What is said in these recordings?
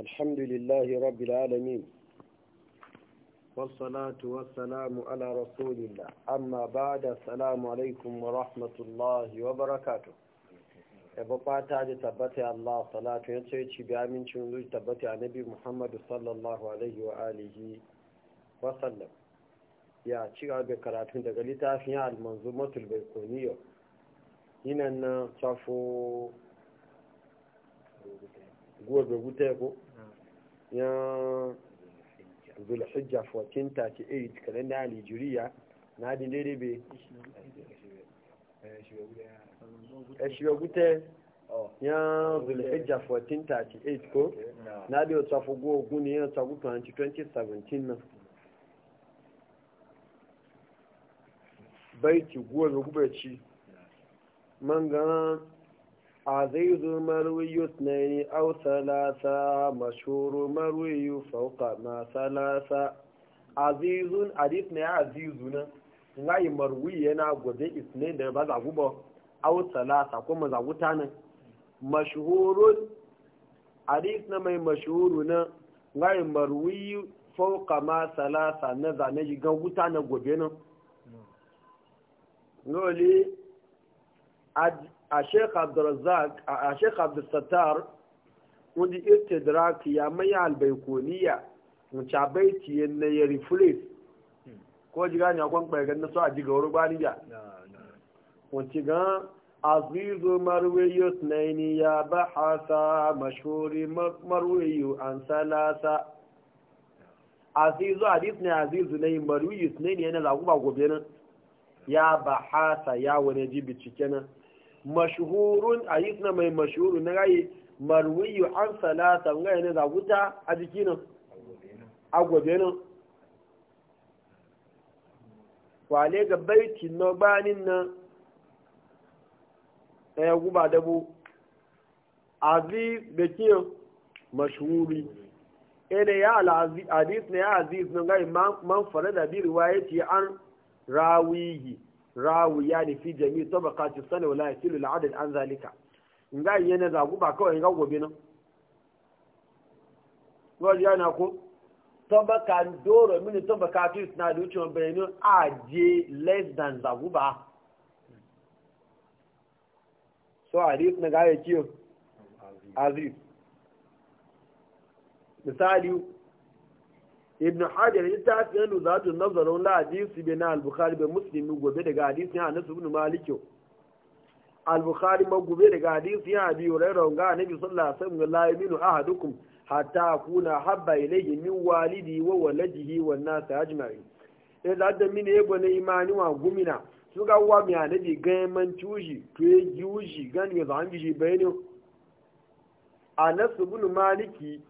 الحمد لله رب العالمين والصلاة والسلام على رسول الله أما بعد السلام عليكم ورحمة الله وبركاته ebopata da tabbata Allah salatu ya ce ci bi amincin zuci tabbata annabi Muhammad sallallahu alaihi wa alihi wa sallam ya ci gaba karatun daga littafin al-manzumatul baykuniyo yinan na safo gobe wuta ko ya zulhijja 1438 da nigeria na di daidai be ẹ̀ṣìwẹ̀ gútẹ́ yán zulhijja 1438 ko na adin otu afogbo ogun ni yán tsagu 2017 na baiti gobe gube ci man gan عزيز مروي اثنين أو ثلاثة مشهور مروي فوق ما ثلاثة عزيز عريف نيا عزيزنا ngai marwi yana gwaje isne da ba za gubo aw salasa ko ma za guta nan mashhurun hadith na mai mashhuru na ngai marwi fawqa ma salasa na za ne ga guta na gobe nan a sheikh abdulrazak a sheikh abdulsattar wani irtidrak ya maya albaikoniya wuce baiti na ya rifule ko ji gani akwai ɓargar na so a jiga wani gwaniya wuce gan عزيز مروي اثنين يا بحثا مشهور مروي عن ثلاثة عزيز حديث ne عزيز ne مروي اثنين yana zaku ba gobe na ya bahasa ya wani ji bincike nan mashhurun hadis na mai mashuhuru na gayi marwiyu an salata ga yana da guta a jiki nan a gobe nan wale ga baiti na banin nan ɗaya guba dabo aziz da kiyan mashuhuri. ene ya al-aziz ne ya aziz nan ga man fara da bi ce an rawihi rawiya ne fi jami tabaqati sana wala yasilu al'adad an zalika in ga yi na zagu ba kawai ga gobe nan wajen na ko tabaka doro mini tabaka tu na da wucewa bayanu a je less than zagu ba so arif na gaya kiyo azif misali ibn hajar ya ta za ta zatu nazarin la hadisi bi na al-bukhari bi muslim gobe daga hadisi ya nasu ibn malik al-bukhari ma gobe daga hadisi ya bi hurairah ga annabi sallallahu alaihi wasallam la yaminu ahadukum hatta kuna habba ilayhi min walidi wa waladihi wan nas ajma'in eh da da mine yego ne imani wa gumina suga wa mi annabi ga man tuji to yuji gan ya zangi bayani anas ibn maliki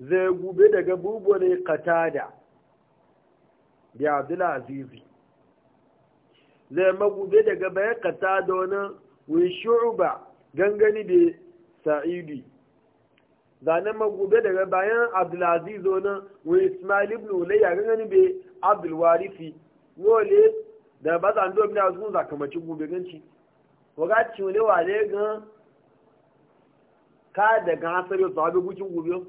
zai gube daga bubu ne katada da abdulazizi zai magube daga bayan katada wani wishu'uba gangani da sa'idi zanen magube daga bayan abdulaziz wani wani ismail ibn ulayya gangani da abdulwarifi wole da bazan za ndo mina zuwa zakamacin gube ganci wakacin wani wale gan ka daga hasari su abin gucin gobe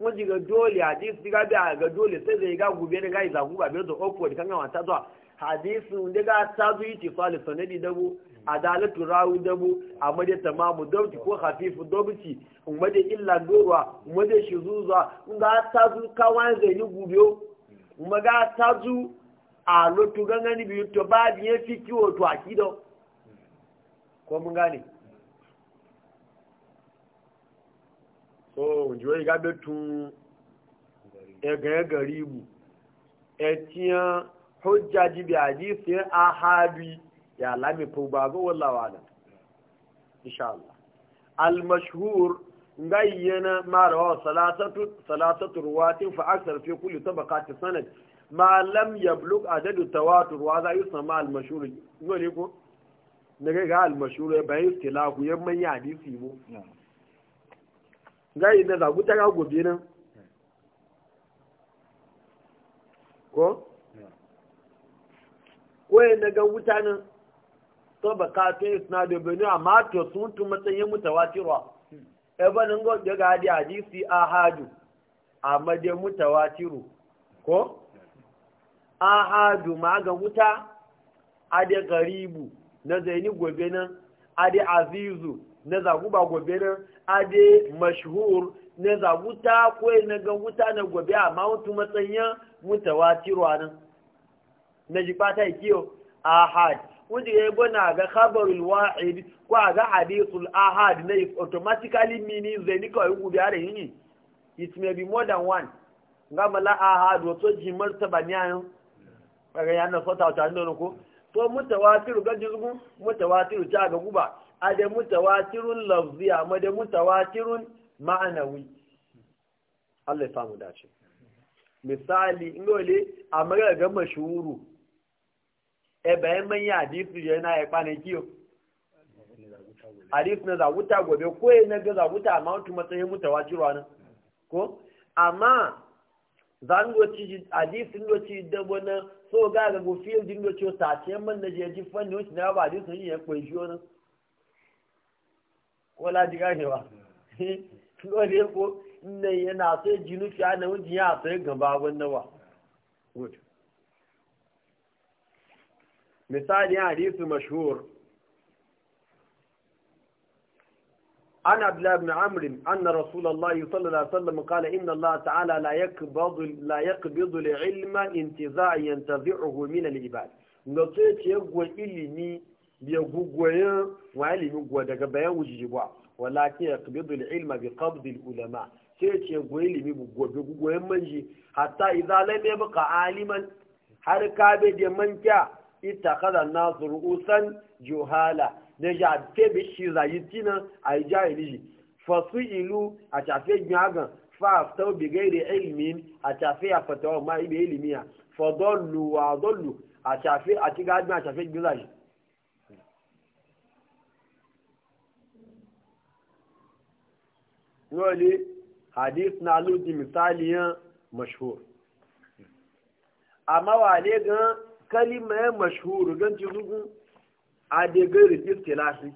wọ́n jí ga dole hadisi ti gabi a ga dole sai zai ga gube ne ga yi zagu ba bai zo awkward kan gawa ta zuwa hadisi da ga ta zo yi ti salu sanadi dabu adalatu rawu dabu amma da tamamu dabti ko hafifu dabti umma da illa dorwa umma da shizuza ga ta zo kawan zai ni gube umma ga ta zo a lotu gangani biyu to ba biye fiki wato akido ko mun gane o njuwe ga betu egan garibu etiyan hujjaji bi hadisi ahabi ya lami ko babu wallahi wala insha Allah al mashhur gayyana ma rawa salatatu salatatu ruwatin fa aksar fi kulli tabaqati sanad ma lam yablug adadu tawatur wa za yusma al mashhur ngole ko daga ga al ya bayan istilahu yamman hadisi mu gayi na zagu ta gago nan ko ko na ga wuta nan to ba ka tun yi suna da bani amma to sun tu matsayin mutawatirwa ebanin ga daga hadi hajju ahadu amma dai mutawatiru ko ahadu ma ga wuta a ade garibu na zaini gobe nan a ade azizu na zagu ba gobe nan ade mashhur na zagu ta ko na ga wuta na gobe amma wutu matsayin mutawatirwa nan na ji fata kiyo ahad wanda ya yi gona ga khabarul wa'id ko a ga hadithul ahad na automatically mini zai ni kawai gobe da yini it may be more than one nga mala ahad wato ji martaba ne ayo kaga yana sota ta ndono ko to mutawatiru ga jizgu mutawatir ta ga guba ade mutawatirun lafzi amma da mutawatirun ma'anawi Allah ya samu dace misali ingole a magana ga mashuru e bayan manya hadisi yana ya kwana kiyo hadisi na zaguta gobe ko na ga zaguta amma wata matsayin mutawatirwa nan ko amma zangoci hadisin ci da wani so ga ga gofiyar dingoci ta ce man da je ji fanni wuce na ba hadisi ne ya kwanciyo nan wala ji ganewa wani ko nan yana sai jinufi a nan wajen ya sai gaba wannawa misali hadisi mashhur عن عبد الله بن عمرو أن رسول الله صلى الله عليه وسلم قال إن الله تعالى لا يقبض لا يقبض العلم انتزاع ينتزعه من العباد نطيت يقوى إلي ya gugwayen walimi gwa daga bayan wujiji ba walakin ya kabidu ilma bi qabdi ulama sai ce ilimi limi bi gugwayen manji hatta idza lam yabqa aliman har ka be da manka ita an-nas ru'usan juhala da ja ke bi shi zayitina ai jahili ilu a tafe gyagan fa ta bi gairi ilmin a tafe ya fatawa ma ibe fa fadallu wa dallu a tafe a tigadin a tafe gizaji wani hadith na ludi misaliyan mashhur amma wale gan kalimayen mashhur gan ci zugun a daga rijista lasi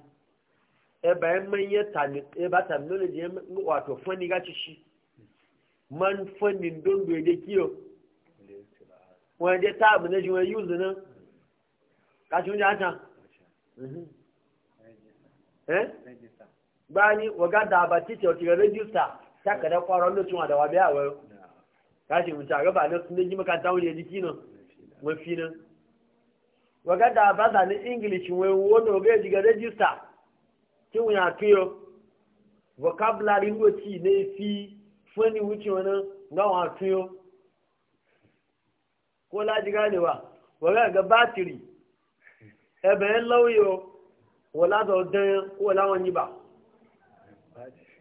e bayan manya e ba terminology ya wato fanni gaci shi man fannin don doye da kiyo wanda ya tabi na shi wani yuzu nan bani waga da ba ti ga register ta ka da kwaron lokacin da wa biya wayo kashi mun ta gaba na sun yi makanta wuri jiki nan mafi na waga da ba za ni english wai wono ga ji ga register ki mun ya kiyo vocabulary ngoci ne fi fani wuce wani ga wa kiyo ko la ji wa waga ga battery ebe lauyo wala da dan wala wani ba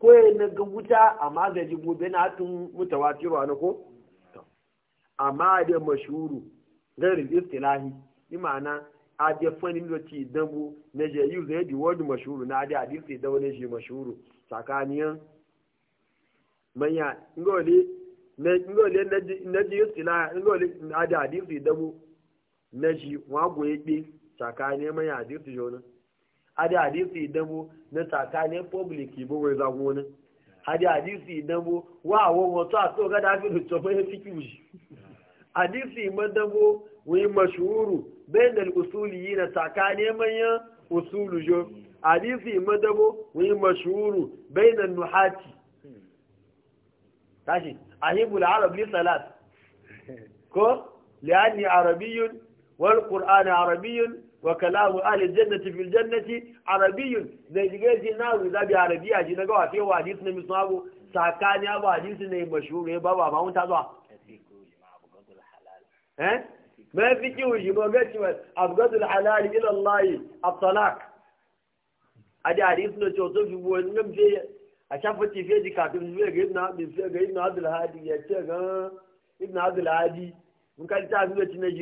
ko ya na ga wuta amma ga jibu bai na tun mutawatiru a ko amma da mashuru garin istilahi imana a da fani da ci dabu na je yi zai di wadu mashuru na da hadisi da wani shi mashuru tsakaniyan manya ngole na ngole na ji istilahi ngole na da hadisi dabu na shi wa goye tsakaniyan manya hadisi jonan hadi hadisi dambo na tsakanin public ibo wai zago wani hadi hadisi dambo wa awon wato a so gada fi da tsofa ya fiki wuji hadisi man dambo wai mashuru bayan da usuli yi na tsakanin manyan usulu jo hadisi man dambo wai mashuru bayan da nuhati tashi ahibul arab li salat ko li'anni arabiyun wal qur'an arabiyun wa kalamu ahli jannati fil jannati arabiyyun da jiga ji na ru da bi arabiya ji na ga wa sai wa hadisi ne musabu sakani abu hadisi ne mashhur ya baba ma mun ta zuwa eh ma fi ki wuji ma ga cewa abgadul halal ila allah at-talaq adi hadisi ne to to fi bo ngam je a shafa ci fi ji kafin zuwa ga ibn abdul ga ibn abdul hadi ya ce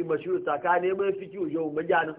mun sakani ma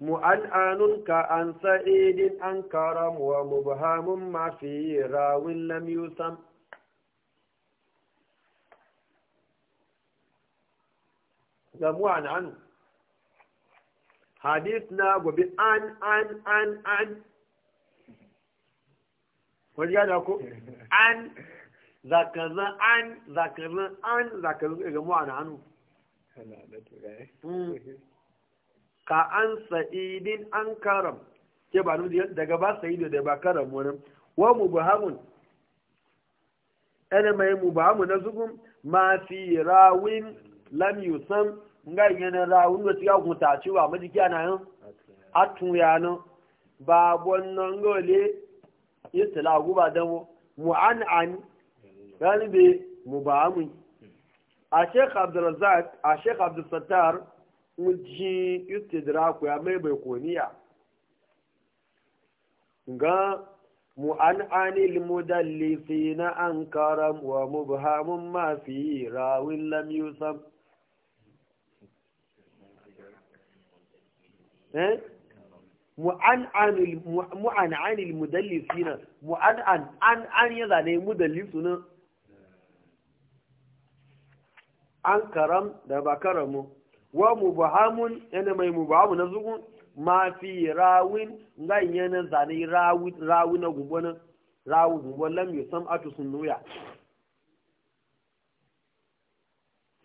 mu'an'anun ka an sa'idin an karam wa mubhamun ma fi rawin lam na ka an sa'idin an karam ke ba daga ba sa'idu da ba karam wani wa mu buhamun ana mai mu buhamun na zugun ma fi rawin lam yusam nga yana rawun wata ya kuma tace wa majiki ana yin atun yana ba wannan gole yitila guba dan mu an an Rani bai mu buhamun a sheikh abdulrazak a sheikh abdulsattar ji istidraku ya mai bai koniya ga mu'an'an ilmudallisi na an karam wa mubhamun fi rawin lam yusuf eh? mu'an'an ilmudallisi na mu an an ya zane mudallisu na an karam da ba karamu wa mubahamun yana mai mubahamu na zugun ma fi rawin ganye na zane rawi na gubonin rawu gubon lam yi sam atu sun nuya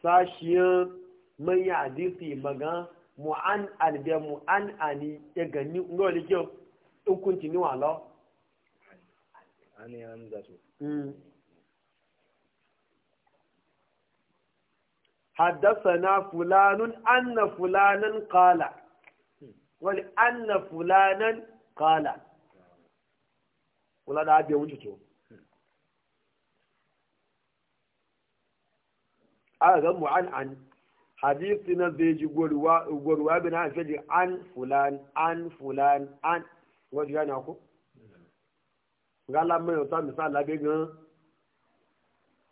sashiyan manya hadisi magan mu'an albe an ani ya gani ngo likiyo hukunci ni wa lo ani hamza su حدثنا فلان أن فلانا قال ولأن فلانا قال ولا da abin wuce to aka ga mu an hadisi na zai ji gwarwa bin an fi an fulan an fulan an wajen yana ku ga lamar yau ta misali abin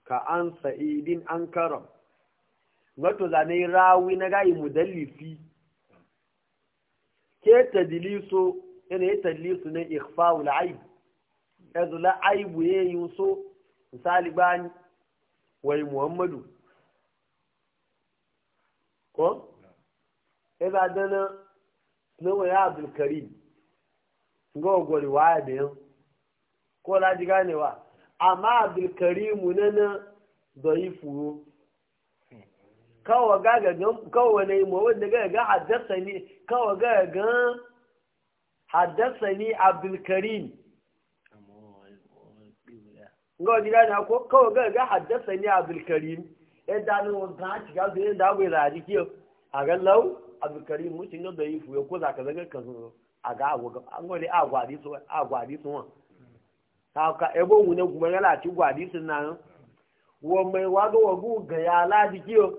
ka an sa'idin an mato zane rawi na gayi mudallifi ke tadliso ina yi tadliso ne ikhfa'u al-aib yanzu la aibu yayin so misali bani wai muhammadu ko ina dana nawa ya abdul karim ga gwari waya da yau ko na ji ganewa amma abdul karim na na zai furo kawo gaga gan kawo ne mu wanda gaga ga haddathani kawo gaga gan haddathani abdul karim ngo diga na ko kawo gaga ga haddathani abdul karim e da no ci da da bai a ga lau abdul karim mu tinga da yifu ko za ka zaga ka a ga agwa an agwa so so ka ka ebo gwadi sun wa ga ya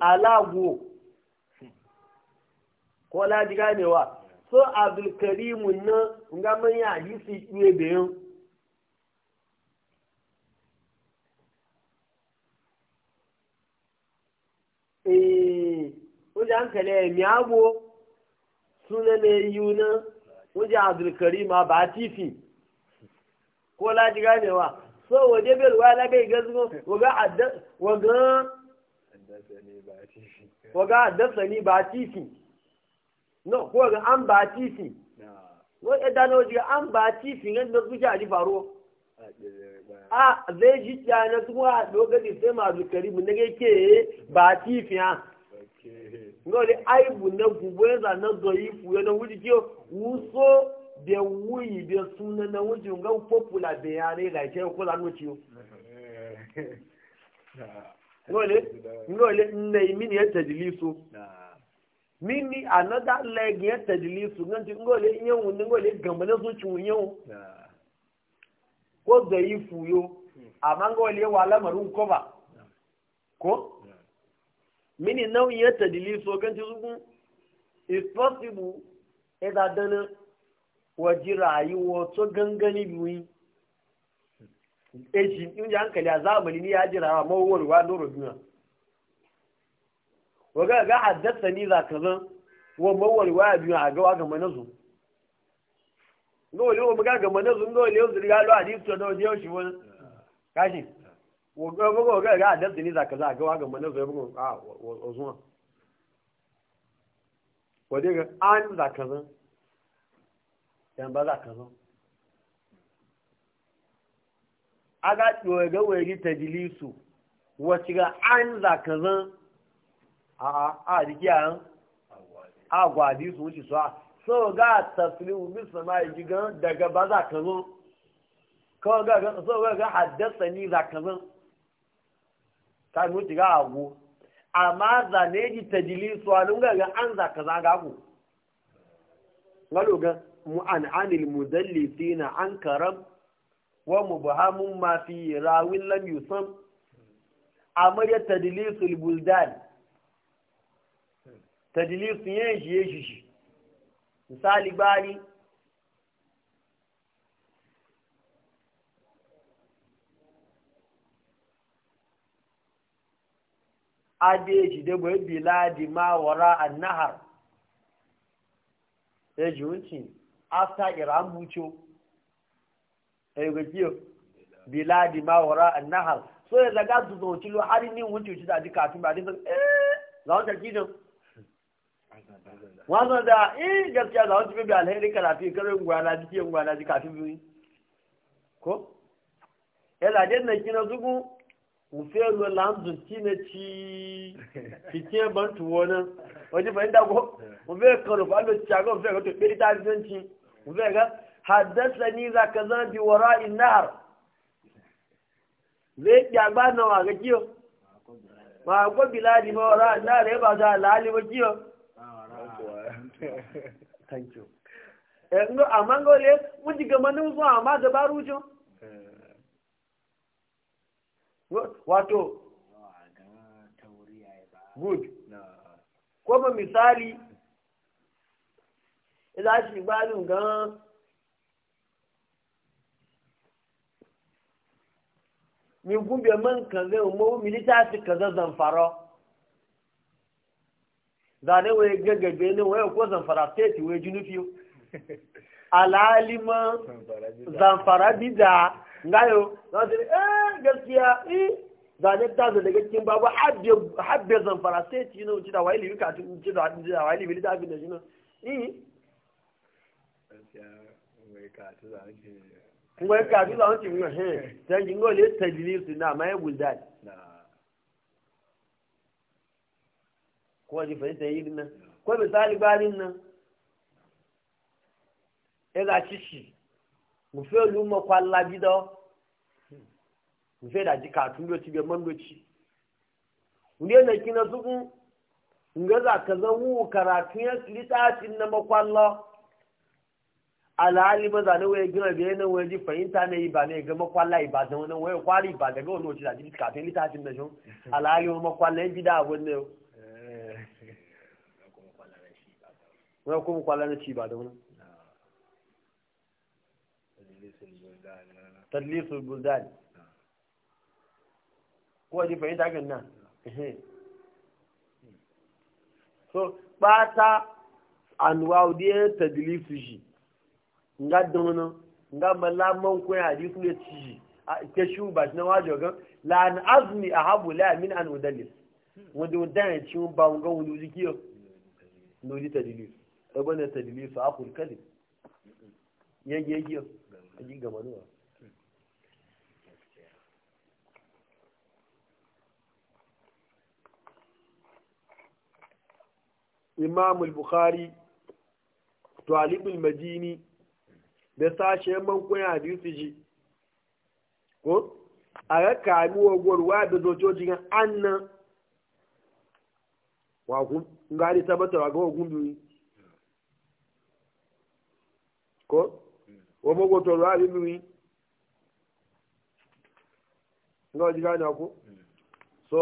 alago ko laji ganewa so abdulkarimu eh, na nga manya hadisi iwe da yin Oúnjẹ suna na yiwu na, lè yíu náà, a àdùlùkẹ̀rí Ko bá tífì So waje gáàmì wà. na débẹ̀rù wáyé lábẹ́ ìgẹ́sùn, wọ́gán waga haddasani ba titi no ko an ba titi ko ya dano an ba titi nan da kuke a faruwa a zai ji ta na kuma lokaci sai ma zukari mun ne ke ba titi ha ngoli aibu na gubweza na zoifu yana wuji kiyo wuso de wuyi de suna na wuji ga popular de yare la ke ko la ngole nne mini ya tadilisu mini anoda leg ya tadilisu nganti ngole nyewu ngole gamba na so chu nyewu ko da dhaifu yo amma ngole wala marun ko ko mini nau ya tadilisu ganti zugu is possible eda dana wajira yi wo to gangani biwi eji inji hankali a zamani ni ya jira wa wa nuru duniya waga ga haddasa ni za ka zan wa wa ya biyu a gawa ga manazu dole wa buga ga manazu dole yau zirga lo hadisi to dole yau shi wani kashi waga waga ga haddasa ni za ka zan a gawa ga manazu ya bugun a wazuwa wadai ga an za ka zan yan ba za ka zan aga ga wari tajlisu wacce ga an zakazan a a a jiki a a gwadi su wuce su a so ga taslimu min sama gigan daga ba zakazan kawai ga so ga haddasa ni zakazan ta wuce ga agwo amma zane ji tajlisu a lunga ga an zakazan ga ku ngalo ga mu an anil mudallisina an karab wa mubhamun ma fi rawin lam yusam amarya tadlisul buldan tadlisu yen jiye jiji misali bari adeji da bai biladi ma wara an nahar ya ji wuce after iran bucho ayyuka eh, kiyo biladi wara annahar so ya zaga su zo cilo har ni wuce ci da ji kafin ba eh za wata kido wannan da eh gaskiya za wata bi alheri karafi karin gwana ji kiyan gwana ji kafin bi ko ela eh, na kina zugu mu fero lanzu haddasani za ka zan bi wara nahar zai ba na waga kiyo ma ko biladi ma wara nahar ya ba za a lali ba kiyo thank you eh ngo amango le mun diga manu so amma da baru jo wato good kuma misali ila shi gbalun gan mi gumbe man o mo milita fi kaza zamfara zane waye gaggabe ne waye ko zamfara state waye bi da nga yo ngayo zane eh gaskiya eh zane ta da cikin babu habbe habbe zamfara state you know ci da waye libi ka ci da da wa libi bi da shi no i. kuma kafin za wancin yau he canjin gole tajlisu na ma ya Ko kuma fa ita yi nan ko misali banin nan ya e za ci shi lu fi olu ma kwalla bida mu fi da ji katun doci bai man doci ne na kina sukun nga za ka zan wu karatun ya litafin na makwallo alhali maza ne waye gina da yanar waje fahimta na yi ba ne ga makwalla ibadan wani waye kwari ibadan ga wani wace da jikin kafin littafin da shi alhali wani makwalla ya bi da abin da kuma kwalla na ci ba da wani tadlisul buldani ko ji fahimta kan nan so bata anwa udiyar tadlisu shi nga dono nga malaman ko hadisi kuma ci ke shu ba na wajo ga la an azmi ahabu la min an udallis wanda wanda ya ci ba ga wulu zikiyo nuri tadlis tadili fa aqul kalim yage yage aji ga manuwa imam al-bukhari talib al-madini da sashen bankuna hadisi ji ko a ga kamuwa gwarwa da zocojin annan wakun gari tabbatar a ga wakun biyu ko wa magotar ruwa biyu na wajen gane ku so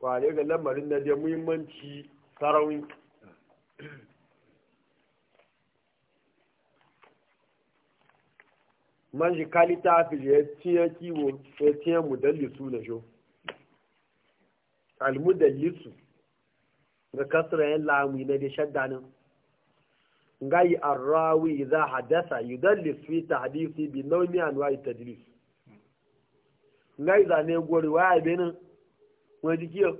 kwale ga lamarin na da muhimmanci sarawin man shi ta fi ya tiya kiwo ya tiya mudallisu na jo almudallisu ga kasra yan lamu na da shadda nan ngai arrawi idza hadatha yudallis fi tahdisi bi nawmi anwa tadlis ngai za ne gori wa be nan wa dikiyo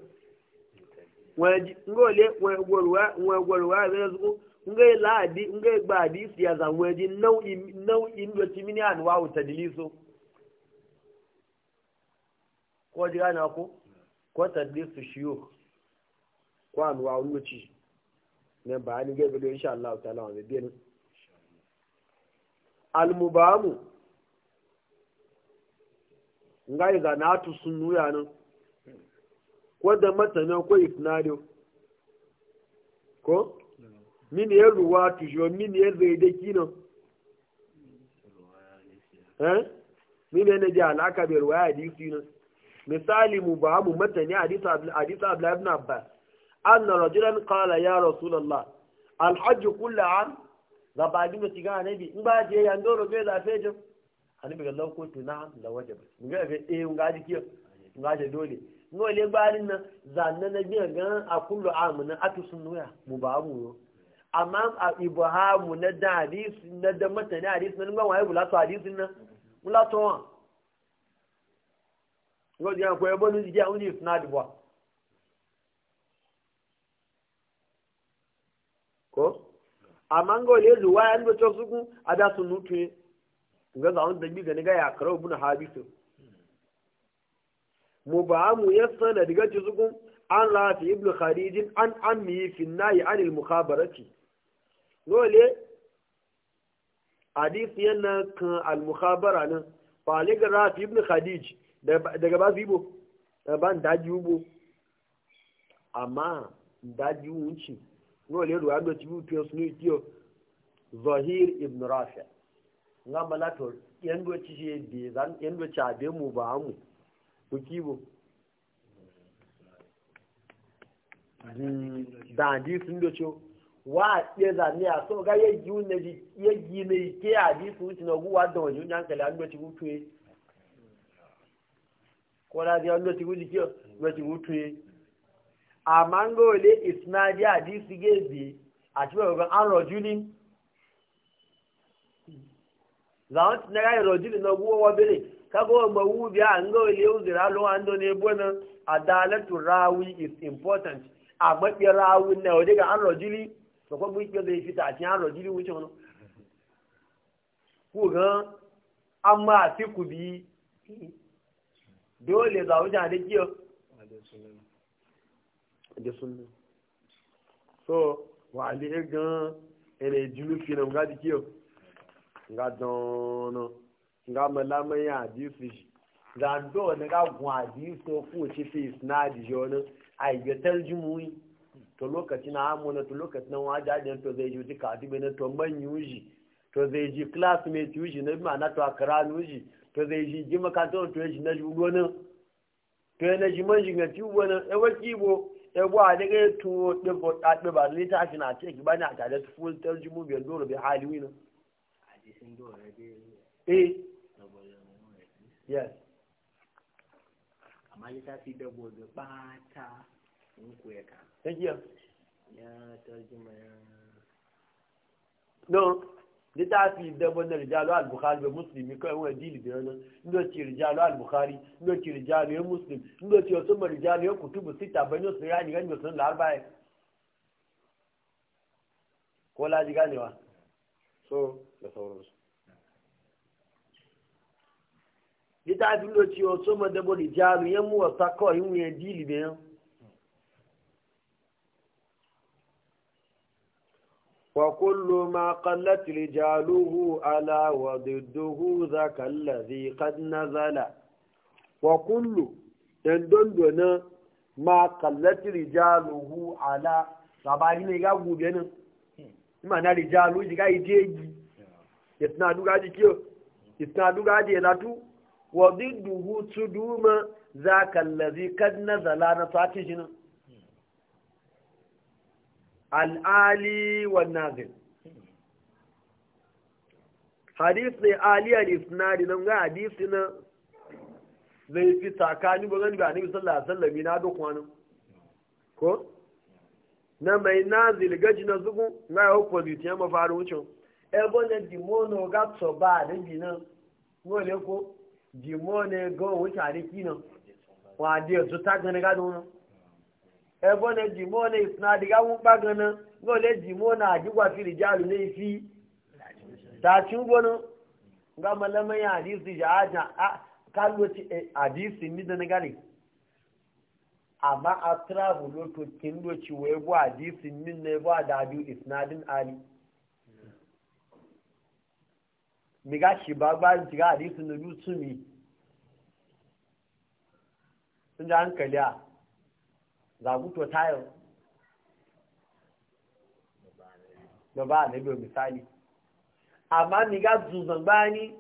wa ngole wa gori wa wa gori wa be nan ngai e ladi ngai e ba hadisi ya zanwe ji nau'i nau'i ndo chimini anwa utadiliso ko ji na ko ko tadlisu shuyukh ko anwa ndo chi ne ba ni ge bi insha Allah ta'ala wa bi al mubamu ngai ga e natu sunnu ya nan ko da matanan ko ifnado ko mini ya ruwa tujo mini eh? ya zai da kino mini ya ji alaka bai ruwa hadisi ne misali mu ba mu mata matani hadisi abla ibn abbas anna rajulan qala ya rasulullah alhajj kullu am da ba din da tiga annabi in ba je ya ndoro ga da fejin annabi ga lauko tuna da wajaba ga ga eh ga ji kiyo ga je dole ngole gbarin nan zanna na biya ga akullu am na atu sunnuya mu ba mu amma a ibrahimu na da hadisi na da matani hadisi na nuna waye bulato hadisi na bulato wa yau jiya kwaye bonu jiya wani isnadi ba ko amma ga wale ruwa ya nuna cewa suku a da sun nutu ga zaun da bi gani ga ya karau buna habisu mu ba mu ya sana diga ci suku an rafi ibnu kharijin an ammi fi nayi anil mukhabarati dole hadisi yana kan al-mukhabara nan faligar rafi ibn khadij daga ba su ibo ba daji ubo amma daji wunci dole ruwa da ci biyu su ne kiyo zahir ibn rafi nga malato yan doci shi bi zan yanzu doci abe mu ba mu ku kibo da hadisi sun doci wa ɗe zane a so ga ya ji wunne ya ji ne ke a ji su wuce na guwa da wani wunyan kala an doci wutuye ko na ji an doci wuce ke doci wutuye amma ga a ji a an rojulin zawon na ga rojulin na guwa wa bere kaga wa mawu biya an ga lo ne bona adalatu rawi is important a maɓi rawun na ga an sọ̀kọ́ mú ìpẹ́ lè fi tààtì àrọ̀ jírí wúchẹ́ wọn kú gan a máa fi kù bí bí ó lè zàwújà àdé kí ọ àdésúnmọ́ so wà á lè gan ẹ̀rẹ̀ ìdílú fi nà nga di kí ọ nga dánná nga mọ̀lámẹ́yà àdísù yìí zàndó ní ká gùn àdísù fún òṣìṣẹ́ ìsinádìí yọ náà àìgbẹ́tẹ́ljú yìí. to lokaci na amuna to lokaci na ajiyar to zai ji katibe na to man yuji to zai ji classmate yuji na ma'ana to akara yuji to zai ji ji makarantar to yaji na jugo nan to ya na ji man ji ganci ubo nan ya wa bo ya bo a daga ya tuwo ɗinfo ɗaɗe ba zai tashi na ce ki bani a tare su full tar jimu biyar dole bai hali wina. Eh. Yes. Amma littafi dabbobin ɓata takiya ya tarjuma ya don littafi daban na al-bukhari da musulmi kai wani dili da yanar ndo ci rijalu al-bukhari ndo ci rijalu ya musulmi ndo ci wasu ya kutubu sita ban yau sun rani gani sun larbaye ko laji ganewa so da sauransu littafi ndo ci wasu daban rijalu ya muwasa kawai wani dili da وكل ما قلت رجاله على وضده ذاك الذي قد نزل وكل تندندنا ما قلت رجاله على sabari ne ga gobe nan ima na rijalu ji ga ije yi itna duga ji kiyo itna duga ji latu wa didduhu tuduma zaka allazi kad nazala na sati jinan al'ali wannan hadisi aliyar isnadi nan ga hadisi na zai fi tsakani ba gani ba nabi sallallahu alaihi na duk wani ko na mai nazil gaji na zugu na ya hukwa ya mafari wucin ebo na dimono ga tsoba da binan wale ko dimone ga wuce a rikina wa da yanzu gani gado nan ẹgbọ́n na jìmọ́ ní ìsúná àdìgá ń pa ganan ní ọ̀lẹ́ jìmọ́ na àdìgbà fìlì jáàlù ní ìfí tààtì ń gbóná nga malamaya hadisi ya ajan a kalwaci e, hadisi mi da na gari amma a travel loto kin doci wa yabo hadisi min na yabo da biyu isnadin ali mi ga shi ba ba ti ga hadisi na biyu su mi sun ń hankali a zaguto tayo da ba na biyu misali amma ni ga zuzan bani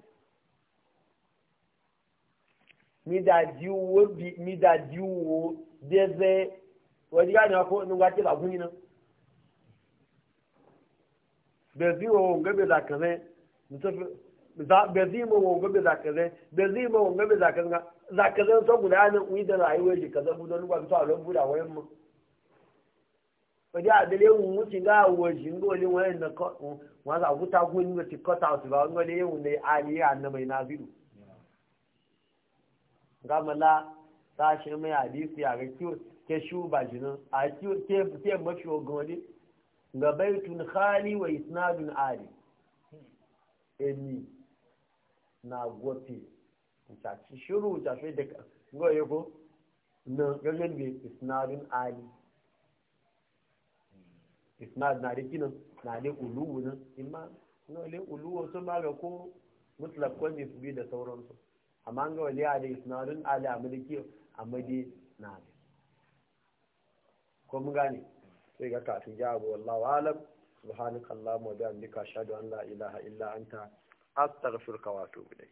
mi da jiwo deze wajen gani wako nunga ce ba guni nan bezi ma wonga be zakazai bezi ma wonga be zakazai bezi ma wonga be zakazai za ka zan so guda nan uyi da rayuwar shi ka zabu don gwamta a ran buda wayan mu wajen adalai mu mutu ga wajen gole wayan da wani za kuta guni ba tikota su ba wani yau ne aliyar na mai naziru gamala sashen mai hadisi a ga kiwo ke ba jinin a kiwo ke shi ogun ga baitun khali wa isnadun ali eni na gote ìtàtí ta ìtàfẹ́ da goye ẹ̀kọ́ na gangan bí isnadin ali. Isnad na kí na nàlẹ́ olúwo náà ìmá náà lé olúwo tó má rẹ̀ ko mutlakkon ne su bi da sauransu amma ga wali a da isnadun ali a mulki a madi na da. ko mun gane sai ga kafin ya abu wallahu alam subhanakallahumma wa bihamdika ashhadu an la ilaha illa anta astaghfiruka wa atubu ilayk